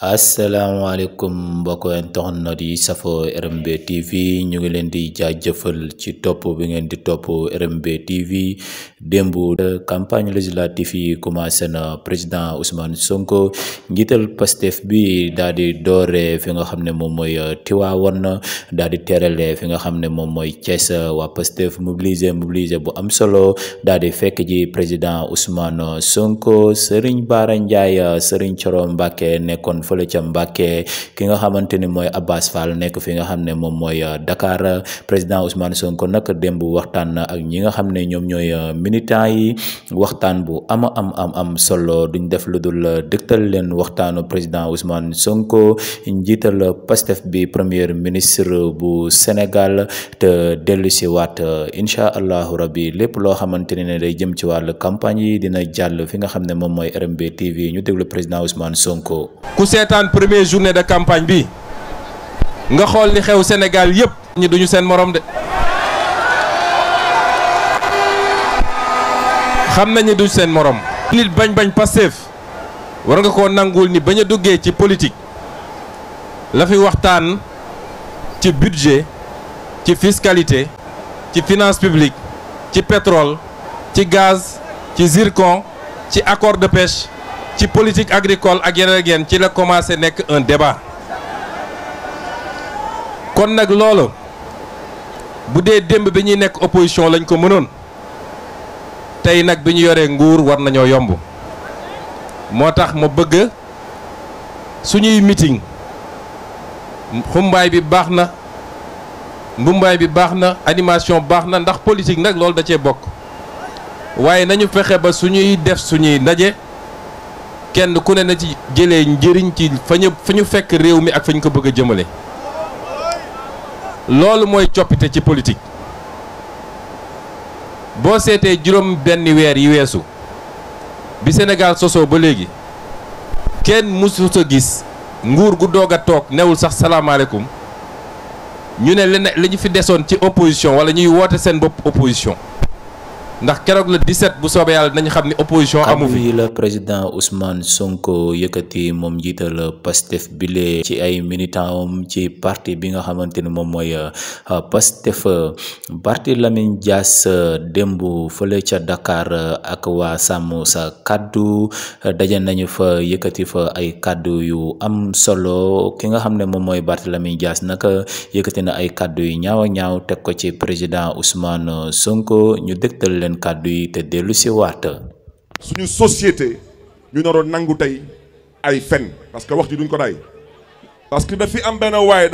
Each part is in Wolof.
asalaamaaleykum mbokk internet yi safoo RMB TV ñu ngi leen di jaajëfal ci topp bi ngeen di topp RMB TV démb campagne législative yi commencé na président Ousmane Sonko njiital Pastef bi daal di doore fi nga xam ne moom mooy Tivaouane daal di terale fi nga xam ne moom mooy Thiès waa Pastef mobilisé mobilisé bu am solo daal di fekk ji président Ousmane Sonko Serigne Bara Ndiaye Serigne Thioro Mbacké nekkoon. fële ca Mbàkke ki nga xamante ni mooy Abbas Fall nekk fi nga xam ne moom mooy euh, Dakar président Ousmane Sonko nag démb waxtaan ak ñi nga xam ne ñoom ñooy euh, militants yi waxtaan bu ama am am am solo duñ def lu dul euh, dëgtal leen waxtaanu président Ousmane Sonko njiital Pastef bi premier ministre bu Sénégal te dellu si waat incha allahu rabbi lépp loo xamante ne day jëm ci wàll campagne yi dina jàll fi nga xam ne moom mooy RMB TV ñu déglu président Ousmane Sonko. en première journée de campagne bi nga xol li Sénégal yépp ñi duñu sen morom de xam ni duñ sen morom. nit bañ bañ war nga ni politique la fi budget ci fiscalité ci finance publique ci pétrole ci gaz ci zircon ci accord de pêche ci politique agricole ak yeneen ak yeneen ci la commencé nek un débat kon nak lolo boudé demb démb nek opposition lañ ko mënon tay nak bi yoré yoree nguur war nañoo yomb motax mo bëgg suñuy meeting xumbay bi baxna na bi baxna animation baxna ndax politique nak loolu da ci bok waaye nañu fexé ba suñuy def suñuy ndaje. kenn ku ne na ci jëlee njëriñ ci fa ñu fekk réew mi ak fa ñu ko bëgg a jëmale loolu mooy coppite ci politique boo seetee juróom benn weer yi weesu bi Sénégal sosoo ba léegi kenn mësu sa gis nguur gu doog a toog newul sax salaamaaleykum ñu ne li ñu fi desoon ci opposition wala ñuy woote seen bopp opposition ndax keroog le 17 bu soobee yàlla dinañ xam ni opposition amu fi yi la président Ousmane Sonko yëkkati moom njiital Pastef bile ci ay militant ci parti bi nga xamante ni moom mooy euh, Pastef Barthélémy Dias euh, démb fële ca dakaar euh, ak waa sàmm sa kàddu daje nañu fa yëkkati fa ay kàddu yu am solo ki nga xam ne moom mooy Barthélémy Dias nag yëkkati na ay kàddu yu ñaaw a ñaaw teg ko ci président Ousmane Sonko ñu dégtal leen leen kàddu yi te dellu suñu société ñu naroon nangu tey ay fen parce que wax ji duñ ko day parce que dafi am benn wax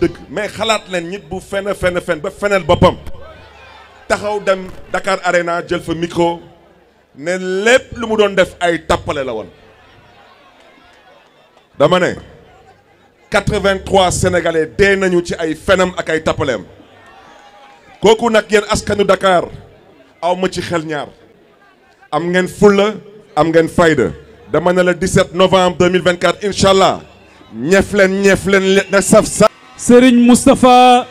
dëgg mais xalaat bu ba taxaw dem Dakar Arena jël fa micro ne lu mu 83 sénégalais dee nañu ci ay fenam ak ay tappaleem koku nak yéen askanu Dakar aw ma ci xel ñaar am ngeen fulla am ngeen fayda dama ne 17 novembre 2024 inshallah allah ñeef na saf sa Serigne Moustapha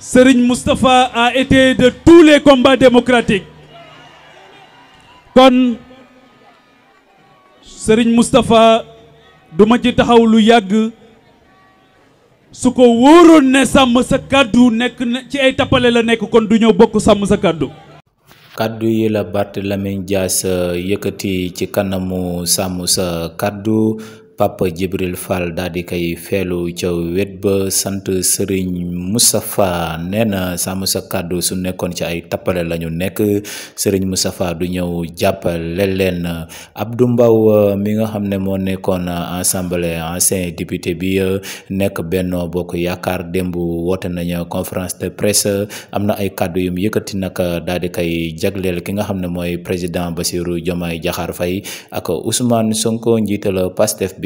Serigne Mustapha a été de tous les combats démocratiques kon sëriñ Moustapha duma ci taxaw lu yàgg su ko wóoroon ne sàmm sa kàddu nekk ci ay tappale la nekk kon du ñëw bokk sàmm sa kàddu kàddu yi la Barthélémy Dias euh, yëkkati ci kanamu sàmm sa kàddu Papa Djibril Fall daal di koy feelu ca wet ba sant Serigne Moustapha nee na sàmm sa kàddu su nekkoon ci ay tappale lañu ñu nekk Serigne Moustapha du ñëw jàppal jàppale leen du Mbaw euh, mi nga xam ne moo nekkoon assemblée ancien député bi euh, nekk Benno Bokk Yaakaar démb woote nañu conférence de presse am na ay kàddu yu yëkkati nag euh, daal di koy jagleel ki nga xam ne mooy président Bassirou Diomaye Diakhar Faye ak Ousmane Sonko njiital Pastef bi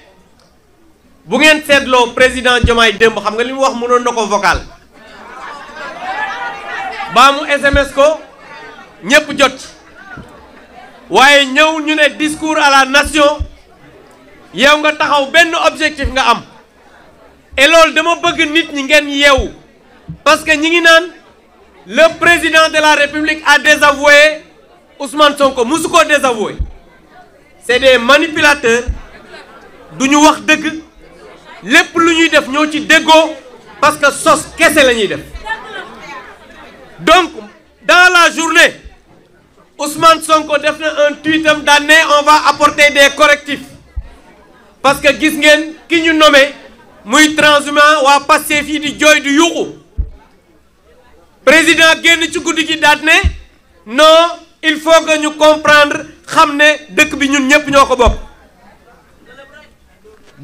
bu ngeen le président Diomaye démb xam nga li mu wax mënoon ko vocal baa SMS ko ñëpp jot waaye ñëw ñu discours à la nation Vous nga taxaw ben objectif nga am et loolu dama bëgg nit ñi ngeen parce que ñi le président de la république a désavoué Ousmane Sonko musuko désavoué c'est des manipulateurs du ñu wax dëgg. Les lu ñuy def ñoo ci parce que sos kese la ñuy def donc dans la journée Ousmane Sonko def na un tweet d'année on va apporter des correctifs parce que gis ngeen ki ñu nommé muy transhumant waa passé yi di jooy du Le président génn ci guddi gi daat ne non il faut que ñu comprendre xam ne dëkk bi ñun ñëpp ñoo bokk.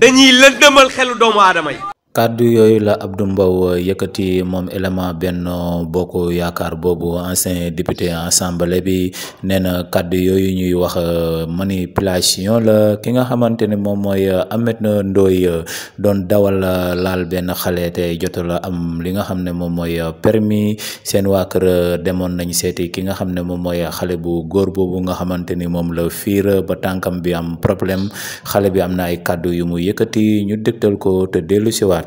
dañuy lëndëmal xelu doomu aadama yi kaddu yooyu la Abdou Mbow yëkkati moom élément benn bokk yaakaar boobu ancien député assemblée bi nee na kàddu yooyu ñuy wax euh, manipulation la ki nga xamante ne moom mooy na euh, Ndoye euh, doon dawal laal benn xale te jotul am li nga xam ne moom mooy permis seen waa kër demoon nañ seeti ki nga xam ne moom mooy xale bu góor boobu nga xamante ni moom la fiir ba tànkam bi am problème xale bi am na ay kàddu yu mu yëkkati ñu dégtal ko te dellu siwaat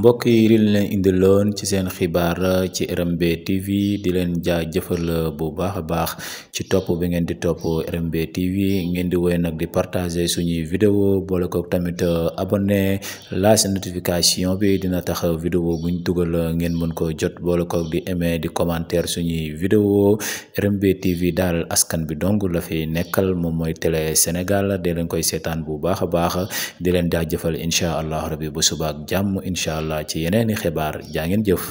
mbokk yi li leen indiloon ci seen xibaar ci RMB TV di leen jaa jëfal bu baax a baax ci topp bi ngeen di topp RMB TV ngeen di woy nag di partager suñuy vidéo boole ko tamit abonné laas notification bi dina tax vidéo buñ dugal ngeen mën ko jot boole ko di aimer di commentaire suñuy vidéo RMB TV daal askan bi dong la fi nekkal moom mooy télé Sénégal di leen koy seetaan bu baax a baax di leen jaa jaajëfal incha allah rabi bu subaak jàmm incha allah allah ci yeneeni xibaar jaa ngeen jëf